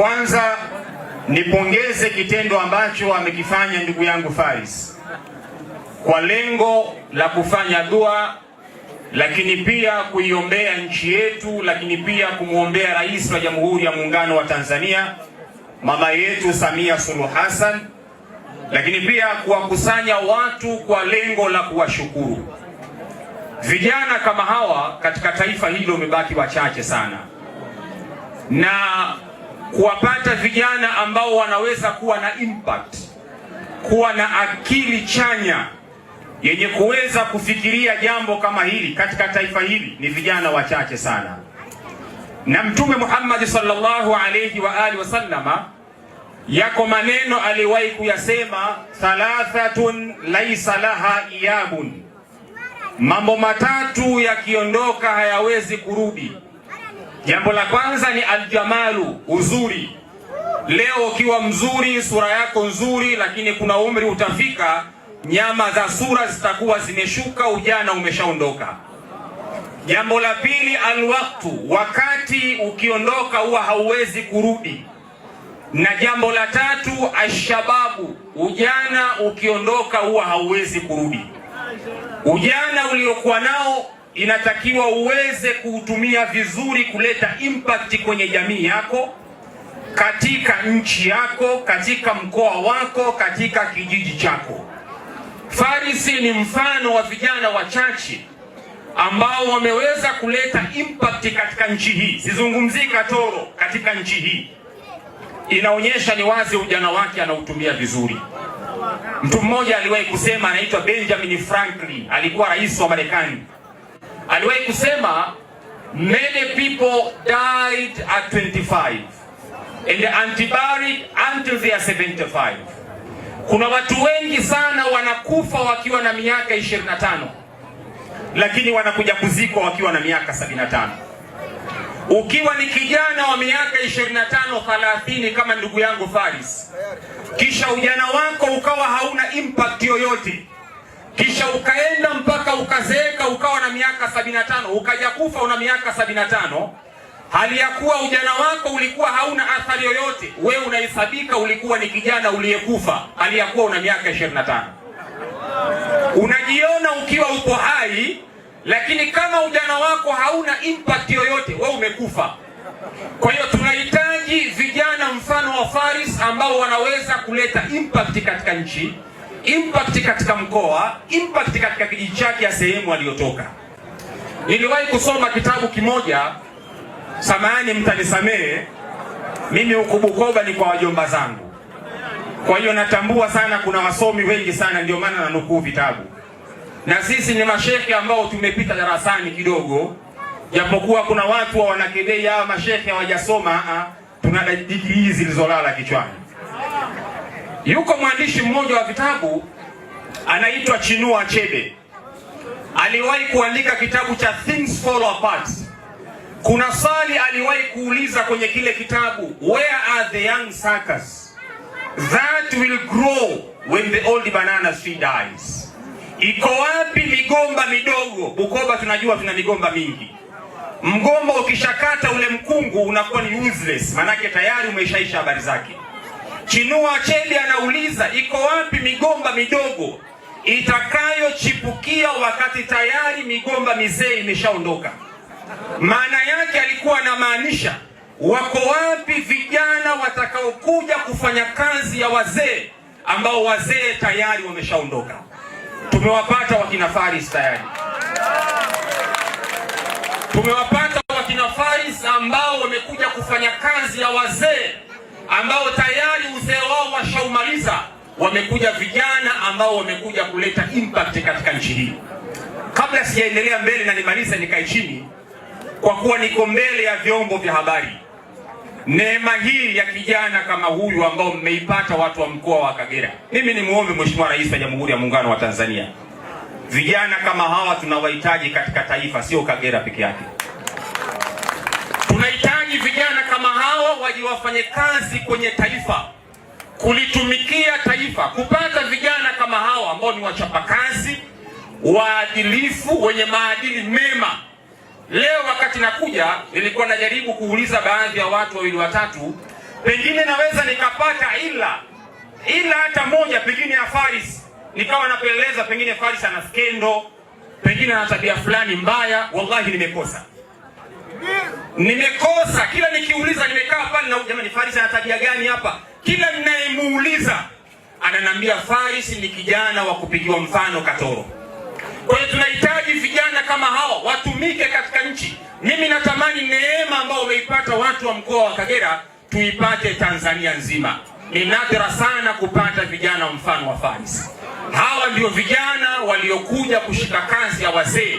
Kwanza nipongeze kitendo ambacho amekifanya ndugu yangu Faris kwa lengo la kufanya dua, lakini pia kuiombea nchi yetu, lakini pia kumwombea Rais wa Jamhuri ya Muungano wa Tanzania mama yetu Samia Suluhu Hassan, lakini pia kuwakusanya watu kwa lengo la kuwashukuru. Vijana kama hawa katika taifa hilo umebaki wachache sana na kuwapata vijana ambao wanaweza kuwa na impact, kuwa na akili chanya yenye kuweza kufikiria jambo kama hili katika taifa hili ni vijana wachache sana. Na Mtume Muhammad sallallahu alayhi wa alihi wasallama, yako maneno aliwahi kuyasema, thalathatun laisa laha iyabun, mambo matatu yakiondoka hayawezi kurudi Jambo la kwanza ni aljamalu, uzuri. Leo ukiwa mzuri, sura yako nzuri, lakini kuna umri utafika, nyama za sura zitakuwa zimeshuka, ujana umeshaondoka. Jambo la pili, alwaktu, wakati ukiondoka huwa hauwezi kurudi. Na jambo la tatu, ashababu, ujana ukiondoka huwa hauwezi kurudi. Ujana uliokuwa nao inatakiwa uweze kuutumia vizuri kuleta impact kwenye jamii yako, katika nchi yako, katika mkoa wako, katika kijiji chako. Farisi ni mfano wa vijana wachache ambao wameweza kuleta impact katika nchi hii. Sizungumzii Katoro, katika nchi hii inaonyesha ni wazi ujana wake anautumia vizuri. Mtu mmoja aliwahi kusema, anaitwa Benjamin Franklin, alikuwa rais wa Marekani aliwahi kusema many people died at 25 and antiburied until they are 75. Kuna watu wengi sana wanakufa wakiwa na miaka 25 lakini wanakuja kuzikwa wakiwa na miaka 75. Ukiwa ni kijana wa miaka 25 30 kama ndugu yangu Faris, kisha ujana wako ukawa hauna impact yoyote kisha ukaenda mpaka ukazeeka ukawa na miaka sabini na tano ukaja kufa una miaka sabini na tano hali ya kuwa ujana wako ulikuwa hauna athari yoyote, wewe unahesabika ulikuwa ni kijana uliyekufa, hali ya kuwa una miaka ishirini na tano unajiona ukiwa uko hai, lakini kama ujana wako hauna impact yoyote, wewe umekufa. Kwa hiyo tunahitaji vijana mfano wa Faris ambao wanaweza kuleta impact katika nchi impact katika mkoa, impact katika kijiji chake ya sehemu aliyotoka. Niliwahi kusoma kitabu kimoja, samahani, mtanisamehe mimi, huku Bukoba ni kwa wajomba zangu, kwa hiyo natambua sana kuna wasomi wengi sana, ndio maana nanukuu vitabu, na sisi ni mashekhe ambao tumepita darasani kidogo, japokuwa kuna watu wa wanakebei hawa mashekhe hawajasoma, ah, tuna digrii zilizolala kichwani Yuko mwandishi mmoja wa vitabu anaitwa Chinua Achebe, aliwahi kuandika kitabu cha Things Fall Apart. Kuna swali aliwahi kuuliza kwenye kile kitabu, where are the young suckers that will grow when the old banana tree dies? Iko wapi migomba midogo? Bukoba tunajua tuna migomba mingi. Mgomba ukishakata ule mkungu unakuwa ni useless, manake tayari umeshaisha habari zake. Chinua cheli anauliza iko wapi migomba midogo itakayochipukia wakati tayari migomba mizee imeshaondoka? Maana yake alikuwa anamaanisha wako wapi vijana watakaokuja kufanya kazi ya wazee ambao wazee tayari wameshaondoka. Tumewapata wakina Faris tayari, tumewapata wakina Faris ambao wamekuja kufanya kazi ya wazee ambao tayari uzee wao washaumaliza, wamekuja vijana ambao wamekuja kuleta impact katika nchi hii. Kabla sijaendelea mbele na nimalize, nikae chini, kwa kuwa niko mbele ya vyombo vya habari. Neema hii ya kijana kama huyu ambao mmeipata watu wa mkoa wa Kagera, mimi ni muombe Mheshimiwa Rais wa Jamhuri ya Muungano wa Tanzania, vijana kama hawa tunawahitaji katika taifa, sio Kagera peke yake kama hao waje wafanye kazi kwenye taifa, kulitumikia taifa, kupata vijana kama hao ambao ni wachapakazi, waadilifu, wenye maadili mema. Leo wakati nakuja, nilikuwa najaribu kuuliza baadhi ya watu wawili watatu, pengine naweza nikapata ila ila hata moja, pengine ya Faris, nikawa napeleleza, pengine Faris ana skendo, pengine ana tabia fulani mbaya. Wallahi nimekosa Nimekosa kila nikiuliza, nimekaa pale na jamani, Faris ana tabia gani hapa? Kila ninayemuuliza ananiambia Faris ni kijana wa kupigiwa mfano Katoro. Kwa hiyo tunahitaji vijana kama hawa watumike katika nchi. Mimi natamani neema ambayo wameipata watu wa mkoa wa Kagera tuipate Tanzania nzima. Ni nadra sana kupata vijana mfano wa Faris. Hawa ndio vijana waliokuja kushika kazi ya wazee